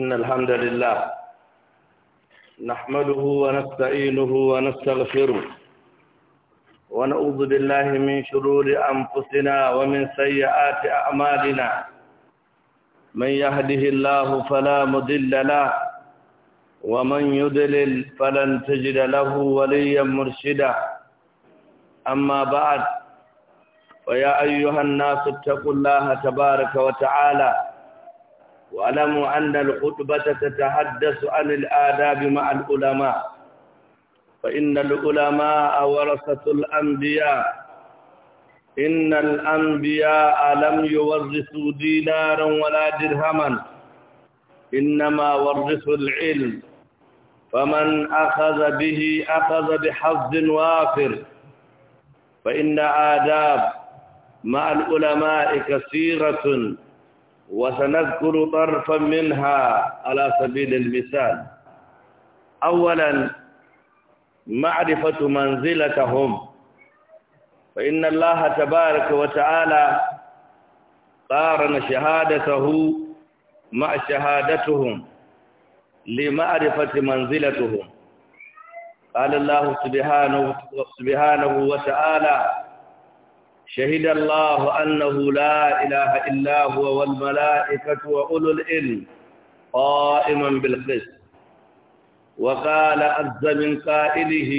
إن الحمد لله نحمده ونستعينه ونستغفره ونعوذ بالله من شرور أنفسنا ومن سيئات أعمالنا من يهده الله فلا مضل له ومن يضلل فلن تجد له وليا مرشدا أما بعد ويا أيها الناس اتقوا الله تبارك وتعالى واعلموا أن الخطبة تتحدث عن الآداب مع العلماء فإن العلماء ورثة الأنبياء إن الأنبياء لم يورثوا دينارا ولا درهما إنما ورثوا العلم فمن أخذ به أخذ بحظ وافر فإن آداب مع العلماء كثيرة وسنذكر طرفا منها على سبيل المثال أولا معرفة منزلتهم فإن الله تبارك وتعالى قارن شهادته مع شهادتهم لمعرفة منزلتهم قال الله سبحانه, سبحانه وتعالى شهد الله أنه لا إله إلا هو والملائكة وأولو العلم قائما بالقسط وقال عز من قائله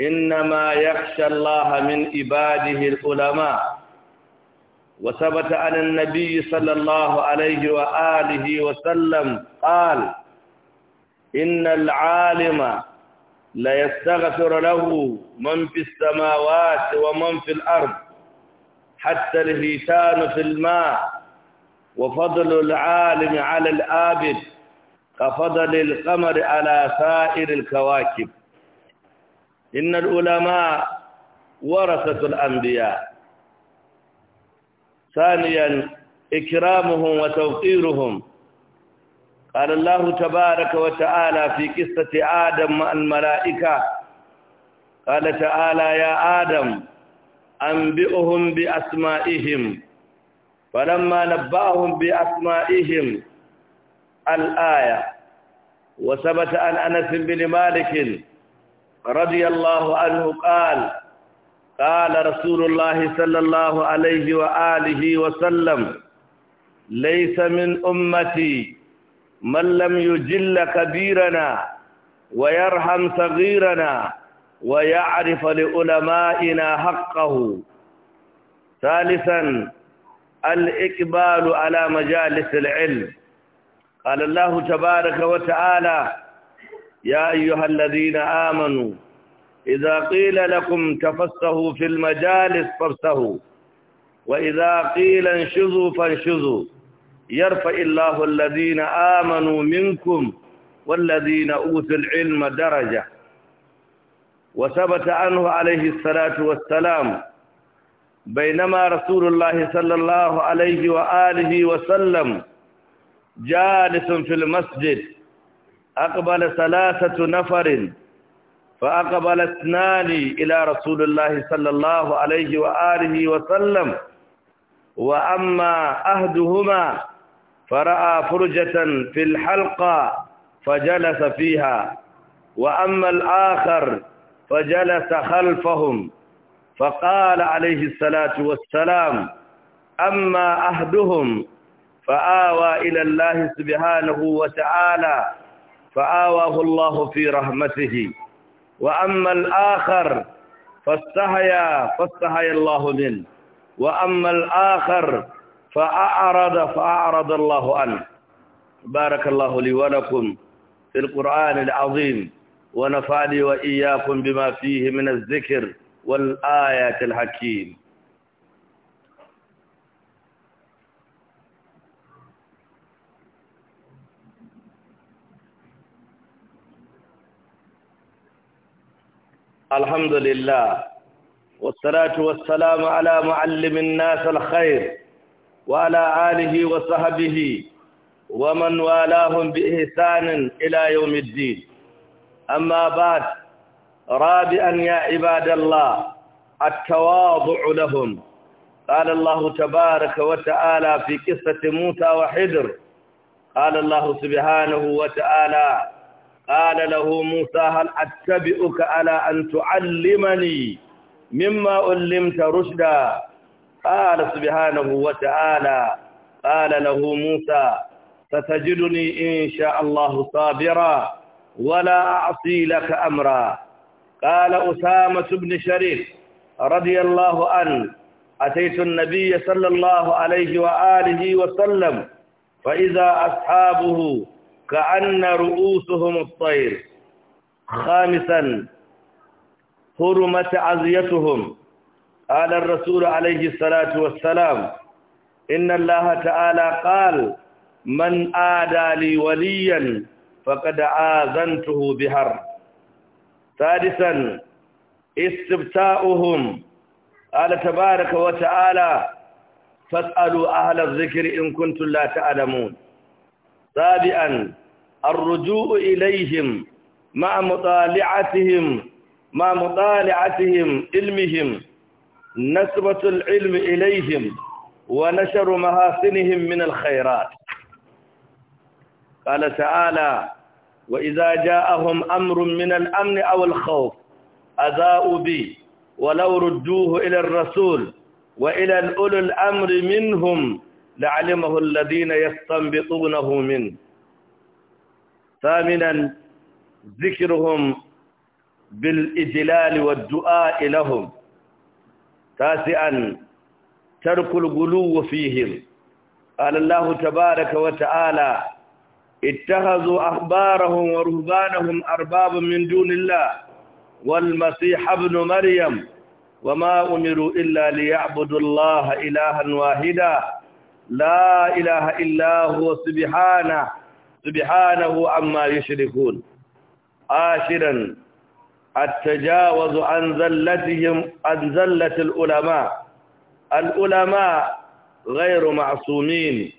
إنما يخشى الله من عباده العلماء وثبت عن النبي صلى الله عليه وآله وسلم قال إن العالم لا يستغفر له من في السماوات ومن في الأرض حتى الهيتان في الماء وفضل العالم على الآبد كفضل القمر على سائر الكواكب إن العلماء ورثة الأنبياء ثانيا إكرامهم وتوقيرهم قال الله تبارك وتعالى في قصة آدم مع الملائكة قال تعالى يا آدم أنبئهم بأسمائهم فلما نبأهم بأسمائهم الآية وثبت عن أنس بن مالك رضي الله عنه قال قال رسول الله صلى الله عليه وآله وسلم ليس من أمتي من لم يجل كبيرنا ويرحم صغيرنا ويعرف لعلمائنا حقه ثالثا الإقبال على مجالس العلم قال الله تبارك وتعالى يا أيها الذين آمنوا إذا قيل لكم تفسهوا في المجالس فافسهوا وإذا قيل انشذوا فانشذوا yarfa illahu alladhina amanu minkum walladhina utul ilma daraja wa sabata anhu alayhi salatu wassalam bainama rasulullah sallallahu alayhi wa alihi wa sallam jalisun fil masjid aqbala salasatu nafarin fa aqbala ithnani ila rasulullah sallallahu alayhi wa alihi wa sallam wa amma ahduhuma فرأى فرجة في الحلقة فجلس فيها وأما الآخر فجلس خلفهم فقال عليه الصلاة والسلام أما أهدهم فآوى إلى الله سبحانه وتعالى فآواه الله في رحمته وأما الآخر فاستحيا فاستحيا الله منه وأما الآخر فأعرض فأعرض الله عنه بارك الله لي ولكم في القرآن العظيم ونفعني وإياكم بما فيه من الذكر والآيات الحكيم الحمد لله والصلاة والسلام على معلم الناس الخير وعلى آله وصحبه ومن والاهم بإحسان إلى يوم الدين أما بعد رابعا يا عباد الله التواضع لهم قال الله تبارك وتعالى في قصة موسى وحدر قال الله سبحانه وتعالى قال له موسى هل أتبئك على أن تعلمني مما علمت رشدا قال سبحانه وتعالى قال له موسى ستجدني إن شاء الله صابرا ولا أعصي لك أمرا قال أسامة بن شريف رضي الله عنه أتيت النبي صلى الله عليه وآله وسلم فإذا أصحابه كأن رؤوسهم الطير خامسا حرمت عزيتهم قال الرسول عليه الصلاة والسلام إن الله تعالى قال من آدى لي وليا فقد آذنته بهر ثالثا استبتاؤهم قال تبارك وتعالى فاسألوا أهل الذكر إن كنتم لا تعلمون سابعا الرجوع إليهم مع مطالعتهم مع مطالعتهم علمهم نسبة العلم إليهم ونشر محاسنهم من الخيرات قال تعالى وإذا جاءهم أمر من الأمن أو الخوف أذاؤوا به ولو ردوه إلى الرسول وإلى الأولي الأمر منهم لعلمه الذين يستنبطونه منه ثامنا ذكرهم بالإجلال والدعاء لهم تاسعا ترك الغلو فيهم قال الله تبارك وتعالى اتخذوا أخبارهم ورهبانهم أربابا من دون الله والمسيح ابن مريم وما أمروا إلا ليعبدوا الله إلها واحدا لا إله إلا هو سبحانه سبحانه عما يشركون آشرا التجاوز عن ذلتهم عن ذلة العلماء العلماء غير معصومين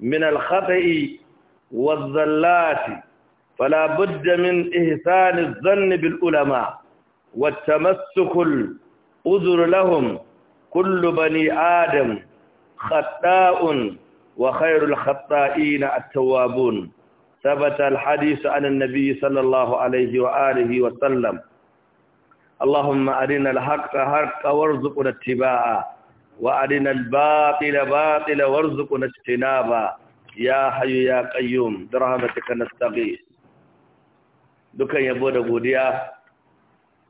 من الخطئ والذلات فلا بد من إحسان الظن بالعلماء والتمسك الأذر لهم كل بني آدم خطاء وخير الخطائين التوابون ثبت الحديث عن النبي صلى الله عليه وآله وسلم اللهم أرنا الحق حقا وارزقنا اتباعه وأرنا الباطل باطلا وارزقنا اجتنابه يا حي يا قيوم برحمتك نستغيث dukan yabo da godiya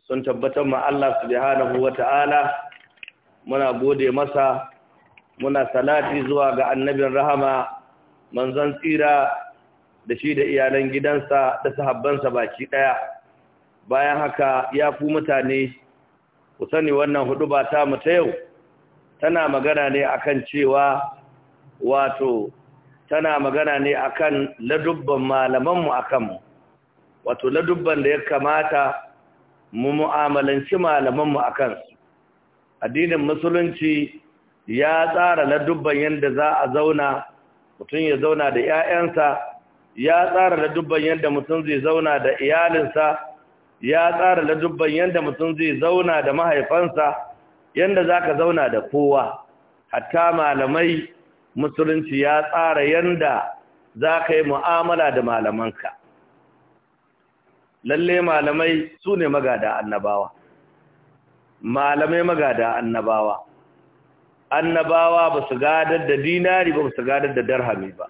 sun tabbatar ma Allah subhanahu wata'ala muna gode masa muna salati zuwa ga annabin rahama manzon tsira da shi da iyalan gidansa da sahabbansa baki daya bayan haka ya fi mutane ku sani wannan hudu ba ta mu ta yau tana magana ne akan cewa wato tana magana ne akan ladubban malamanmu akan wato ladubban da ya kamata mu mu'amalanci malamanmu akan su addinin musulunci ya tsara ladubban yadda za a zauna mutum ya zauna da 'ya'yansa ya tsara ladubban yadda mutum zai zauna da iyalinsa ya tsara ladubban yanda mutum zai zauna da mahaifansa yanda zaka zauna da kowa hatta malamai musulunci ya tsara yanda zaka yi mu'amala da malamanka lalle malamai su ne magada annabawa malamai magada annabawa annabawa ba su gadar da dinari ba su gadar da darhami ba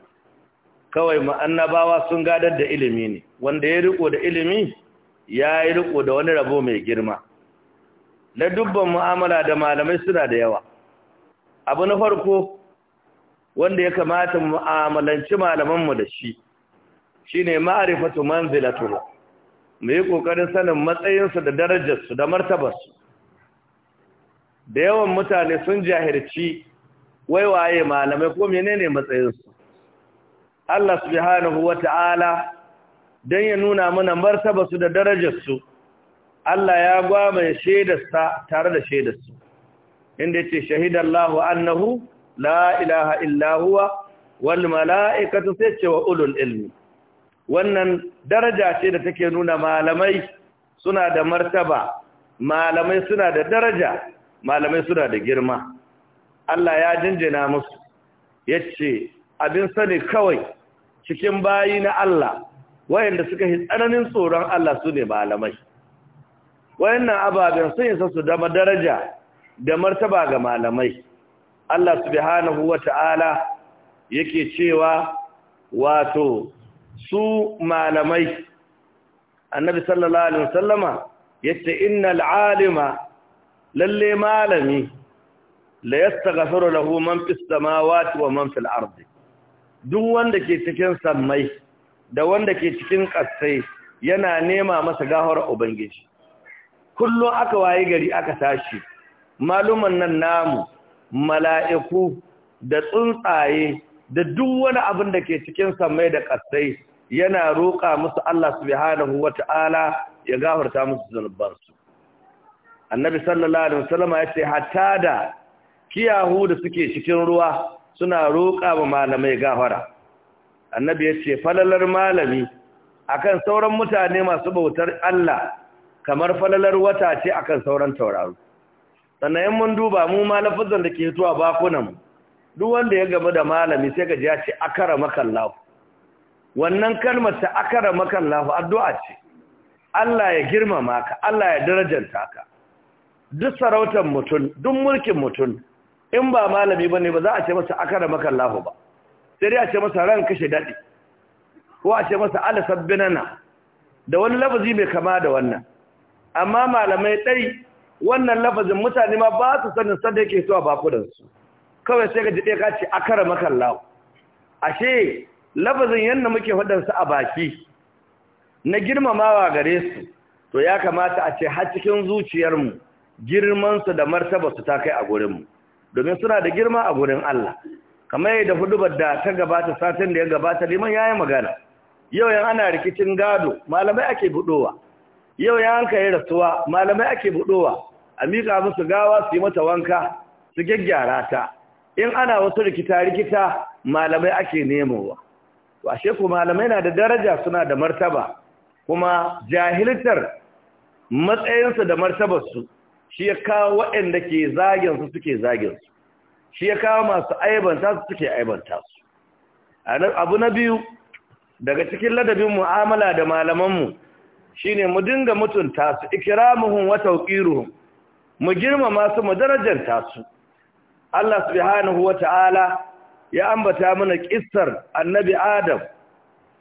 kawai annabawa sun gadar da ilimi ne wanda ya riko da ilimi ya yi riko da wani rabo mai girma na dubban mu'amala da malamai suna da yawa abu na farko wanda ya kamata mu'amalanci malamanmu da shi shine ma'rifatu manzilatuhu mu yi kokarin sanin matsayinsu da darajarsu da martabarsu da yawan mutane sun jahirci waiwaye malamai ko menene matsayinsu Allah subhanahu ta'ala don ya nuna mana martabarsu da darajarsu Allah ya ya shaidarsa tare da shaidarsu inda yace shahidallahu annahu la ilaha illa huwa wal mala'ikatu sai wa ulul ilmi wannan daraja ce da take nuna malamai suna da martaba malamai suna da daraja malamai suna da girma Allah ya jinjina musu yace abin sani kawai cikin bayi na Allah wayanda suka yi tsananin tsoron Allah su ne malamai wayannan ababen sun isa su dama daraja da martaba ga malamai Allah subhanahu wata'ala yake cewa wato su malamai annabi sallallahu alaihi wasallama yace innal alima lalle malami la yastaghfiru lahu man fis samawati wa man fil ardi duk wanda ke cikin sammai da wanda ke cikin ƙasai yana nema masa gahar ubangiji kullum aka wayi gari aka tashi maluman nan namu mala'iku da tsuntsaye da duk wani abin da ke cikin samai da ƙasai yana roƙa musu Allah subhanahu wata'ala ya gafarta musu zunubansu annabi sallallahu alaihi wasallam ya ce hatta da kiyahu da suke cikin ruwa suna roƙa wa malamai gafara annabi ya ce falalar malami akan sauran mutane masu bautar Allah kamar falalar wata ce akan sauran tauraro sannan mun duba mu malafuzan da ke zuwa bakunan duk wanda ya gaba da malami sai ka ya ce akara wannan kalmar ta akara makallahu addu'a ce Allah ya girmama ka Allah ya darajanta ka duk sarautar mutum duk mulkin mutum in ba malami bane ba za a ce masa akara makallahu ba sai a ce masa ran kashe daɗi ko a ce masa ala sabbinana da wani lafazi mai kama da wannan amma malamai ɗai wannan lafazin mutane ma ba su sanin sanda yake zuwa bakudansu kawai sai ga ji ɗaya ka ce akara makallawo ashe lafazin yadda muke su a baki na girmamawa gare su to ya kamata a ce har cikin zuciyar zuciyarmu girmansu da martaba su ta kai a gurin mu domin suna da girma a gurin Allah kamar yadda hudubar da ta gabata satin da ya gabata liman ya yi magana yau yan ana rikicin gado malamai ake budowa yau yan ka yi rasuwa malamai ake budowa a miƙa musu gawa su yi mata wanka su gyaggyara ta in ana wasu rikita-rikita malamai ake nemowa washe ku malamai na da daraja suna da martaba kuma jahiltar matsayinsu da martabarsu shi ya kawo waɗanda ke zagensu suke zagensu shi ya kawo masu aibanta su suke aibanta su abu na biyu daga cikin ladabin mu'amala da malamanmu shine mu dinga mutunta su ikramuhum wa tawqiruhum mu girmama su mu darajar tasu. Allah subhanahu wa ta'ala ya ambata mana kissar annabi Adam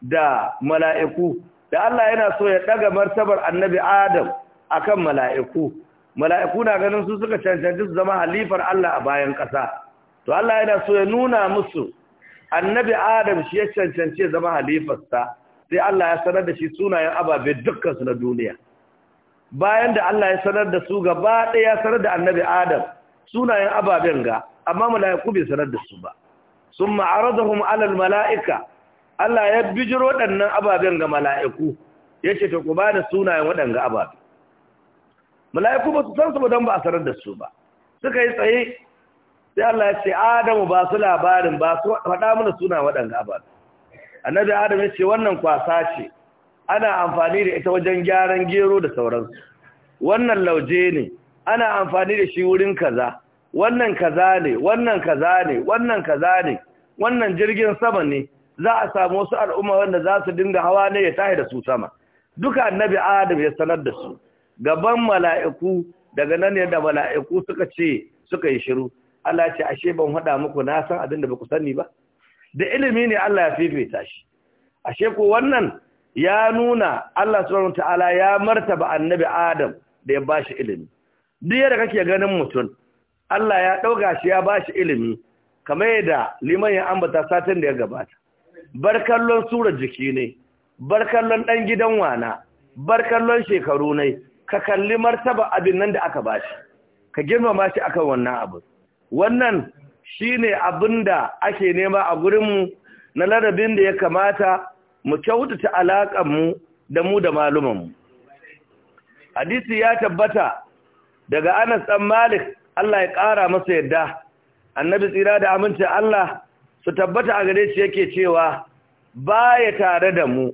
da mala'iku da Allah yana so ya daga martabar annabi Adam akan mala'iku mala'iku na ganin su suka cancanci su zama halifar Allah a bayan ƙasa to Allah yana so ya nuna musu annabi Adam shi ya cancanci zama halifarsa sai Allah ya sanar da shi sunayen ababe dukkan su na duniya bayan da Allah ya sanar da su gaba ɗaya sanar da annabi Adam sunayen ababen ga amma mala'iku bai sanar da su ba sun ma'arazahum alal mala'ika Allah ya bijiro waɗannan ababen ga mala'iku ya ce ta ku ba da sunayen waɗanga ababe mala'iku ba su san su ba don ba a sanar da su ba suka yi tsaye sai Allah ya ce Adamu ba su labarin ba su faɗa mana suna waɗanda ba annabi Adam ya ce wannan kwasa ce ana amfani da ita wajen gyaran gero da sauransu wannan lauje ne ana amfani da shi wurin kaza wannan kaza ne wannan kaza ne wannan kaza ne wannan jirgin sama ne za a samu wasu al'umma wanda za su dinga hawa ne ya tahi da su sama duka annabi adam ya sanar da su gaban mala'iku daga nan ne da mala'iku suka ce suka yi shiru Allah ce ashe ban hada muku na san abin da baku sani ba da ilimi ne Allah ya fifita shi ashe ko wannan ya nuna Allah subhanahu ta'ala ya martaba annabi Adam da ya bashi ilimi duk da kake ganin mutum Allah ya ɗauka shi ya bashi ilimi kamar yadda liman ya ambata satin da ya gabata bar kallon sura jiki ne bar kallon dan gidan wana bar kallon shekaru ne ka kalli martaba abin nan da aka ba shi ka girmama shi akan wannan abu wannan shine abin da ake nema a gurinmu na larabin da ya kamata mu kyautata alaƙanmu da mu da mu. hadisi ya tabbata daga anas ɗan malik allah ya ƙara masa yadda annabi tsira da amince allah su tabbata a gare shi yake cewa baya tare da mu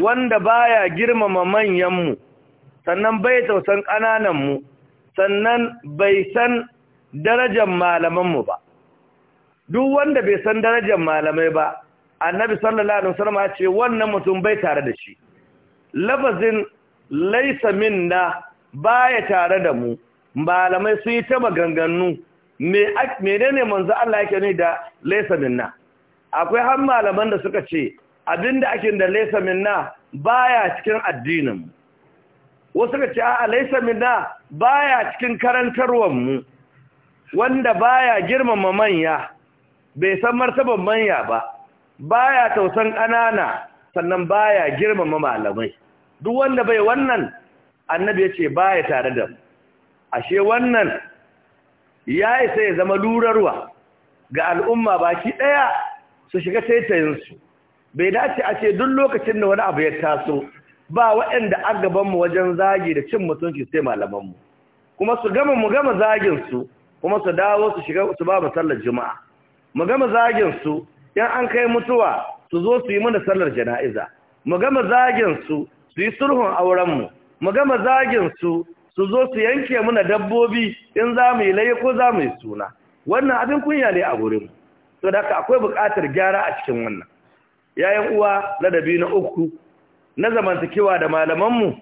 wanda baya girmama manyanmu sannan bai tausan mu. sannan bai san darajar malamanmu ba duk wanda bai san darajar malamai ba annabi sallallahu alaihi wasallam ya ce wannan mutum bai tare da shi lafazin laisa minna baya tare da mu malamai su yi ta maganganu me menene manzo Allah yake ne da laisa minna akwai har malaman da suka ce abinda ake da laisa minna baya cikin addinin mu wasu ka ce a alaisa minna baya cikin karantarwar mu wanda baya girmama manya bai san martaban manya ba baya tausan ƙanana sannan baya girmama malamai duk wanda bai wannan annabi ya ce baya tare da mu ashe wannan ya isa ya zama lurarwa ga al'umma baki ɗaya su shiga taitayinsu bai dace a ce duk lokacin da wani abu ya taso ba waɗanda a gabanmu wajen zagi da cin mutunci sai malamanmu kuma su gama mu gama zaginsu kuma su dawo su shiga su ba mu sallar juma'a mu gama zaginsu yan an kai mutuwa su zo su yi mana sallar jana'iza mu gama zaginsu su yi sulhun aurenmu mu gama zaginsu su zo su yanke mana dabbobi in za mu yi laye ko za mu yi suna wannan abin kunya ne a gurinmu to da akwai buƙatar gyara a cikin wannan yayin uwa ladabi na uku na zamantakewa da malamanmu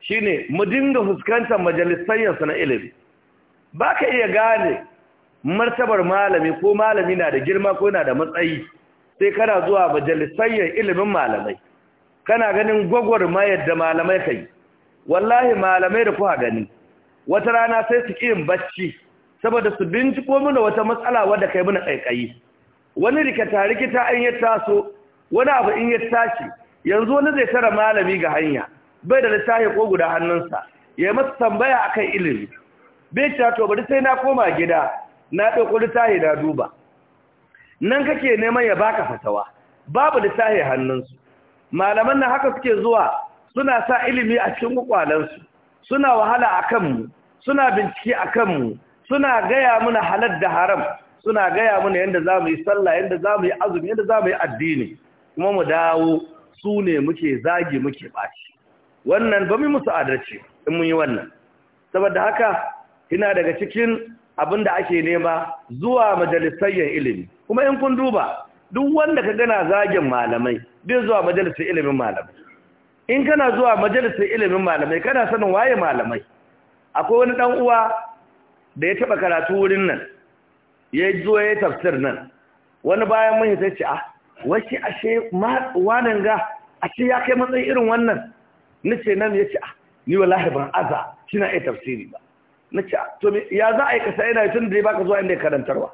shine mu dinga fuskantar majalisayensu na ilimi ba ka iya gane martabar malami ko malami na da girma ko na da matsayi sai kana zuwa majalisayen ilimin malamai kana ganin gwagwarmayar da malamai kai wallahi malamai da kuwa gani wata rana sai su yin bacci saboda su binciko mana wata matsala wadda kai mana ƙaiƙayi wani rikita rikita in ya taso wani abu in ya tashi yanzu wani zai tara malami ga hanya bai da littafi ko guda hannunsa ya masa tambaya akan ilimi bai ce to bari sai na koma gida na ɗauko littafi na duba nan kake neman ya baka fatawa babu littafi hannunsu malaman nan haka suke zuwa suna sa ilimi a cikin kwakwalansu suna wahala a kanmu suna bincike a kanmu suna gaya mana halar da haram suna gaya mana yadda za mu yi sallah yadda za mu yi azumi yadda za mu yi addini kuma mu dawo su ne muke zagi muke baci wannan ba mu musu adalci in mun yi wannan saboda haka ina daga cikin abin da ake nema zuwa majalisayen ilimi kuma in kun duba duk wanda ka gana zagin malamai bai zuwa majalisar ilimin malamai in kana zuwa majalisar ilimin malamai kana sanin waye malamai akwai wani dan uwa da ya taba karatu wurin nan ya zo ya tafsir nan wani bayan mun sai ce ah wace ashe wanan ga ashe ya kai matsayin irin wannan nace nan yace ah, ni wallahi ban aza kina ai tafsiri ba nace ah, to ya za a yi kasa yana tun da baka zuwa inda ya karantarwa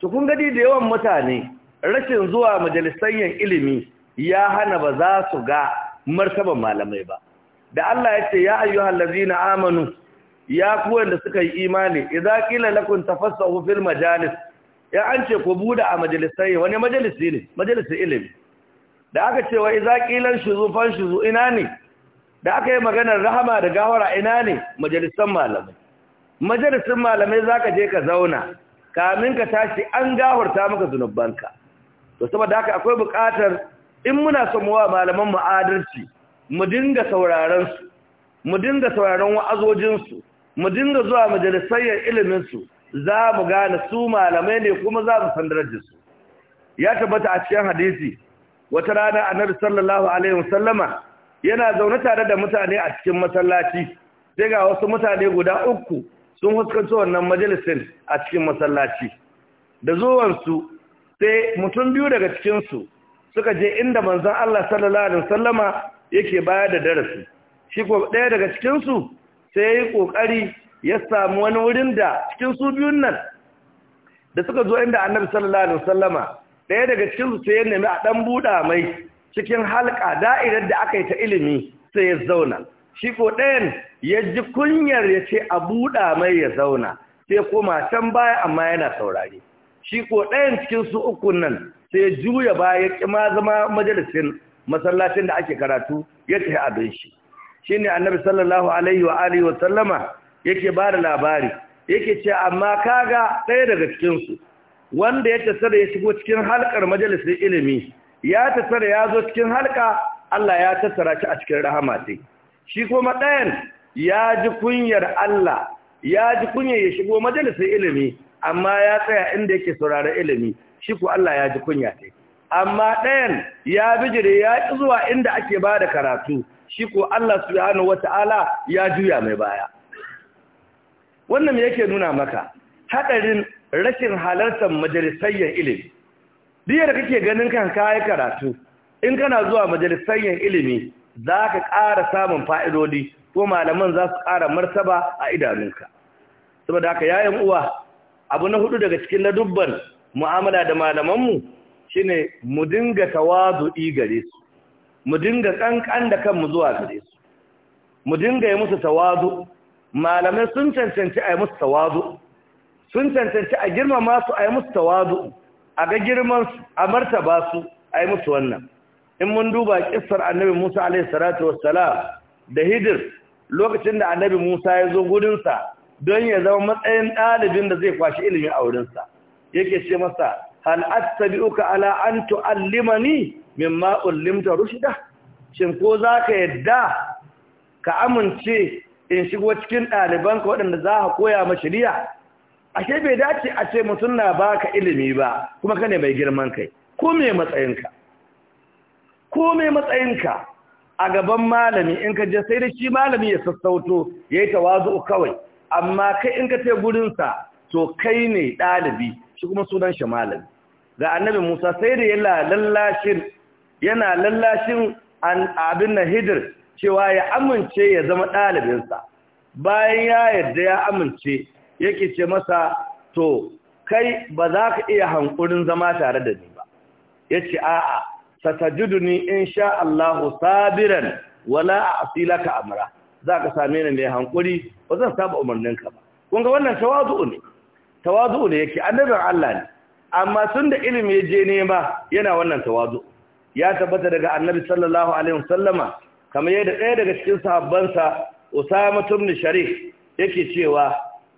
to kun gadi da yawan mutane rashin zuwa majalisan ilimi ya hana ba za su ga martaban malamai ba da Allah ya ce ya ayyuhal ladzina amanu ya ku wanda suka yi imani idza qila lakum tafassahu fil majalis ya an ce ku buɗe a majalisai wani majalisi ne majalisi ilimi da aka ce wa iza kilan shuzu fan shuzu ina ne da aka yi maganar rahama da gawara ina ne majalisan malamai majalisin malamai zaka je ka zauna kamin ka tashi an gawarta maka zunubanka to saboda haka akwai buƙatar in muna son wa malaman mu adalci mu dinga sauraron su mu dinga sauraron wa'azojin su mu dinga zuwa majalisar ilimin su za mu gane su malamai ne kuma za mu san darajarsu ya tabbata a cikin hadisi wata rana annabi sallallahu alaihi wasallama yana zaune tare da mutane a cikin masallaci sai ga wasu mutane guda uku sun huskanci wannan majalisin a cikin masallaci da zuwansu sai mutum biyu daga cikinsu suka je inda manzon Allah sallallahu alaihi wasallama yake bayar da darasi shi ko ɗaya daga cikinsu sai ya yi ƙoƙari ya samu wani wurin da cikin su biyun nan da suka zo inda annabi sallallahu alaihi wasallama ɗaya daga cikin su sai ya nemi a ɗan buɗa mai cikin halka da'irar da aka yi ta ilimi sai ya zauna shi ko ɗayan ya ji kunyar ya ce a buɗa mai ya zauna sai kuma can baya amma yana saurari shi ko dayan cikin su uku nan sai ya juya baya ya ma zama majalisin masallacin da ake karatu ya tafi abin shi shine annabi sallallahu alaihi wa alihi wa sallama yake ba da labari yake ce amma kaga ɗaya daga cikinsu wanda ya tasara ya shigo cikin halkar majalisar ilimi ya tasara ya zo cikin halka Allah ya tasara shi a cikin rahama ce shi kuma ɗayan ya ji kunyar Allah ya ji kunyar ya shigo majalisar ilimi amma ya tsaya inda yake saurara ilimi shi ku Allah ya ji kunya ce amma ɗayan ya bijire ya ƙi zuwa inda ake ba da karatu shi ku Allah subhanahu wata'ala ya juya mai baya wannan me yake nuna maka hadarin rashin halartar majalisayyan ilimi biyar da kake ganin kan kayan karatu in kana zuwa majalisayyan ilimi za ka ƙara samun fa'idodi ko malaman za su ƙara martaba a idanunka saboda haka yayan uwa abu na hudu daga cikin na dubban mu'amala da malamanmu shine mu dinga tawazu'i gare su mu dinga kankan da kanmu zuwa gare su mu dinga yi musu tawazu malamai sun cancanci a yi musu tawazu sun cancanci a girmama su a yi musu tawazu a ga girman su a martaba su a yi musu wannan in mun duba kissar annabi Musa alaihi salatu wassalam da Hidir lokacin da annabi Musa ya zo gudunsa don ya zama matsayin ɗalibin da zai kwashi ilimin aurensa yake ce masa hal attabi'uka ala an tu'allimani mimma ullimta rushda shin ko zaka yadda ka amince in shigo cikin ɗalibanka waɗanda za a koya ma shari'a ashe bai dace a ce mutum na baka ilimi ba kuma ka ne mai girman kai ko me matsayinka ko me matsayinka a gaban malami in ka je sai da shi malami ya sassauto ya yi tawazu kawai amma kai in ka ce gurinsa to kai ne ɗalibi shi kuma sunan shi malami ga annabi musa sai da yana lallashin yana lallashin abin na hidir cewa ya amince ya zama ɗalibinsa bayan ya yarda ya amince yake ce masa to kai ba za ka iya hankurin zama tare da ni ba ya ce a'a ni in sha Allahu sabiran wala a asilaka amura, za ka same ni mai hankuri ba zan saba umarninka ba kun ga wannan tawazu'u ne tawazu'u ne yake annabin Allah ne amma tun da ilimi ya je ba yana wannan tawazu ya tabbata daga annabi sallallahu alaihi wasallama kamar yadda ɗaya daga cikin sahabbansa Usama ibn Sharif yake cewa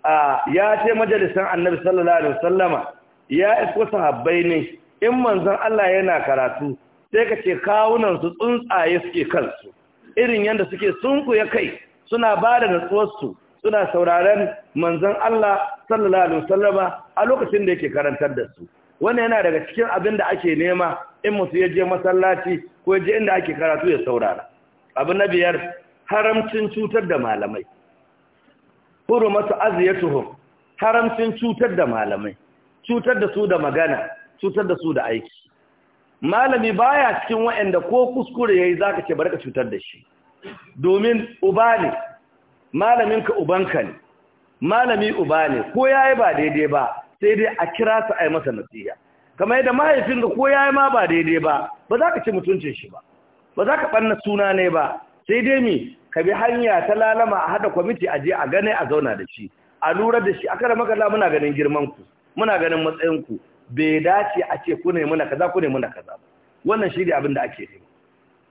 a ya ce majalisan Annabi sallallahu alaihi wasallama ya isko sahabbai ne in manzon Allah yana karatu sai ka ce kawunan su tsuntsaye suke kansu irin yanda suke ya kai suna ba da su, suna sauraren manzon Allah sallallahu alaihi wasallama a lokacin da yake karantar da su wannan yana daga cikin abin da ake nema in musu ya je masallaci ko ya je inda ake karatu ya saurara abu na biyar haramcin cutar da malamai hurumatu aziyatuhum haramcin cutar da malamai cutar da su da magana cutar da su da aiki malami baya cikin waɗanda ko kuskure yayi zaka ce barka cutar da shi domin uba ne malaminka ubanka ne malami uba ne ko yayi ba daidai ba sai dai a kira su yi masa nasiha kamar yadda mahaifinka ko yayi ma ba daidai ba ba za ka ci mutuncin shi ba ba za ka ɓanna suna ne ba sai dai mi ka bi hanya ta lalama a haɗa kwamiti a je a gane a zauna da shi a lura da shi a kada makala muna ganin girmanku muna ganin matsayinku bai dace a ce ku ne muna kaza ku ne muna kaza wannan shi ne abin da ake nema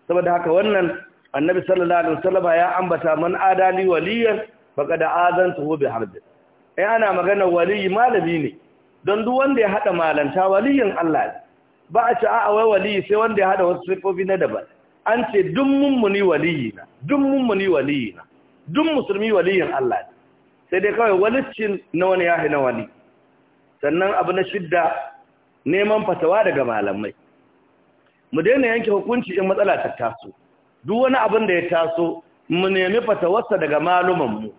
saboda haka wannan annabi sallallahu alaihi wasallam ya ambata man adali waliyan faqad azantuhu bi harbin ai ana magana waliyi malami ne don duk wanda ya hada malanta waliyin Allah ne ba a ce a'a wai waliyi sai wanda ya hada wasu sifofi na daban an ce duk mummuni waliyina duk mummuni waliyina duk musulmi waliyin Allah ne sai dai kawai walicin na wani yahi na wali sannan abu na shidda neman fatawa daga malamai mu daina yanke hukunci in matsala ta taso duk wani abin da ya taso mu nemi fatawarsa daga malumanmu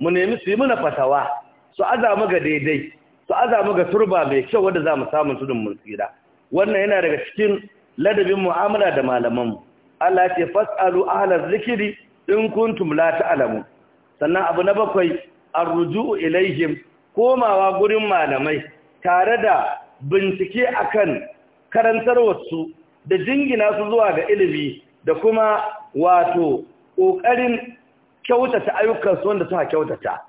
mu nemi su yi mana fatawa su azamu ga daidai su azamu ga turba mai kyau wanda za mu samu tudun mun tsira wannan yana daga cikin ladabin mu'amala da malamanmu Allah ce fas'alu ahlaz zikri in kuntum la ta'lamu sannan abu na bakwai arruju'u ilaihim komawa gurin malamai tare da bincike akan karantarwarsu da jingina su zuwa ga ilimi da kuma wato ƙoƙarin kyautata ayyukan su wanda suka kyautata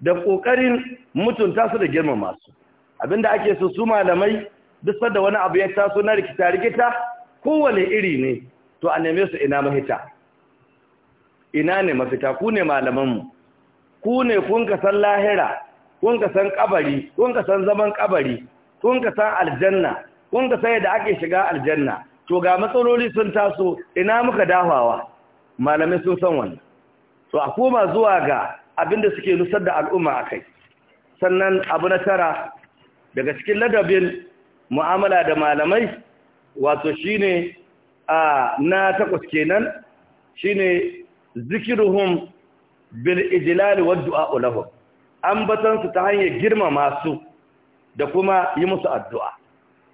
da ƙoƙarin mutunta su da girmama su abinda ake so su malamai duk da wani abu ya taso na rikita rikita kowane iri ne to a neme su ina mahita ina ne mafita ku ne malamanmu ku ne kun ka san lahira kun ka san kabari kun ka san zaman kabari kun ka san aljanna kun ka san yadda ake shiga aljanna to ga matsaloli sun taso ina muka dafawa malamai sun san wannan to a koma zuwa ga abin da suke nusar da al'umma akai sannan abu na tara daga cikin ladabin mu'amala da malamai wato shine a na takwas kenan shine zikiruhum bil ijlal wa du'a lahum ta hanyar girmama su da kuma yi musu addu'a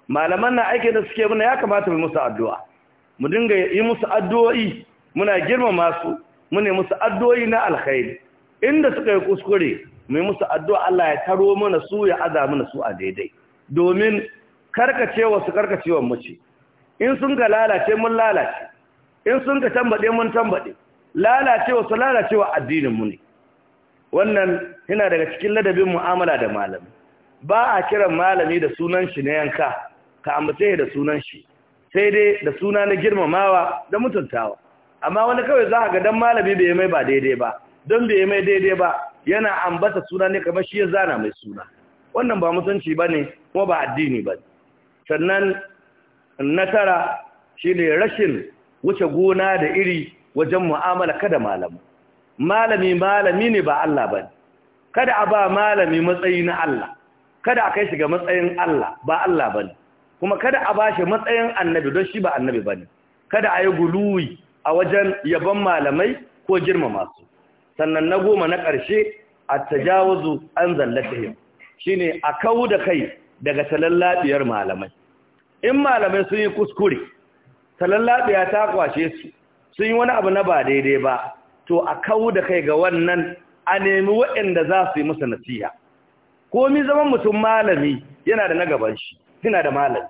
malaman na aikin da suke muna ya kamata mu musu addu'a mu dinga yi musu addu'o'i muna girmama su mu ne musu addu'o'i na alkhairi inda suka yi kuskure mu yi musu addu'a Allah ya taro mana su ya aza mana su a daidai domin karkacewa su karkacewa mu ce in sun ga lalace mun lalace in sun ga tambade mun tambaɗe lalacewa su lalacewa addininmu ne wannan yana daga cikin ladabin mu'amala da malami ba a kiran malami da sunan shi na yanka ka ambace da sunan shi sai dai da suna na girmamawa da mutuntawa amma wani kawai za a ga dan malami bai mai ba daidai ba don bai mai daidai ba yana ambata suna ne kamar shi ya zana mai suna wannan ba mutunci bane kuma ba addini ba sannan Nasara shi ne rashin wuce gona da iri wajen mu'amala kada malamu malami malami ne ba Allah bane kada a ba malami matsayi na Allah kada a kai shiga matsayin Allah ba Allah bane kuma kada a ba shi matsayin annabi don shi ba annabi bane kada a yi guluwi a wajen yaban malamai ko girmama su sannan na goma na ƙarshe a tajawuzu an zallatihim shine a kau da kai daga talallabiyar malamai in malamai sun yi kuskure talallabiya ta kwashe su sun yi wani abu na ba daidai ba to a kawo da kai ga wannan a nemi waɗanda za su yi masa nasiha komi zaman mutum malami yana da na gaban shi yana da malami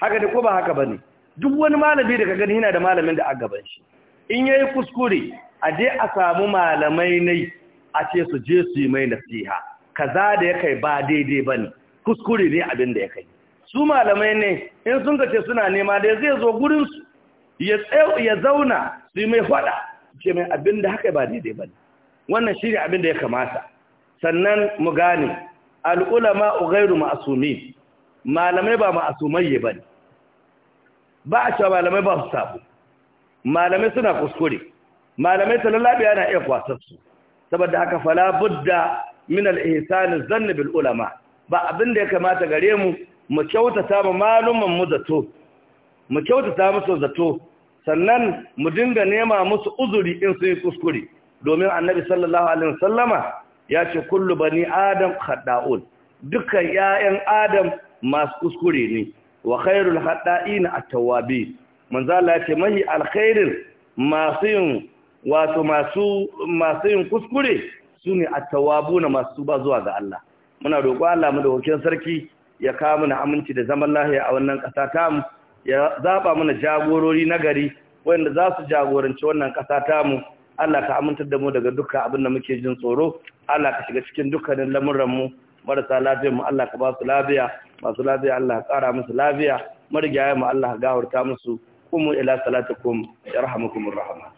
haka da ko ba haka ne? duk wani malami da ka gani yana da malamin da a gaban shi in ya yi kuskure a je a samu malamai ne a ce su je su yi mai nasiha kaza da ya kai ba daidai ba ne. kuskure ne abin da ya kai su malamai ne in sun ce suna nema da zai zo gurinsu ya zauna su mai faɗa ce mai abin da haka ba daidai ba wannan shi ne abin da ya kamata sannan mu gane al'ulama ugairu ma'asumi malamai ba masumai ba ne ba a cewa malamai ba su sabu malamai suna kuskure malamai talalabiya na iya kwasarsu saboda haka fala budda min al-ihsan zanna bil ulama ba abin da ya kamata gare mu mu kyautata ma malumman mu zato mu kyautata musu zato sannan mu dinga nema musu uzuri in sun yi kuskure domin annabi sallallahu alaihi wasallama ya ce kullu bani adam khata'un dukkan ƴaƴan adam masu kuskure ne wa khairul khata'ina at tawabi manzo Allah ya ce mahi alkhairin masu yin wato masu masu yin kuskure sune at tawabuna masu ba zuwa ga Allah muna roƙo Allah mu da sarki ya kawo mana aminci da zaman lahiya a wannan ƙasa tamu ya zaɓa mana jagorori na gari wanda za su jagoranci wannan ƙasa tamu Allah ka amintar da mu daga dukkan abin da muke jin tsoro Allah ka shiga cikin dukkanin mu marasa lafiyar mu Allah ka ba su lafiya masu lafiya Allah ka ƙara musu lafiya marigaya mu Allah ka gawarta musu kumu ila salatukum yarhamukumur rahman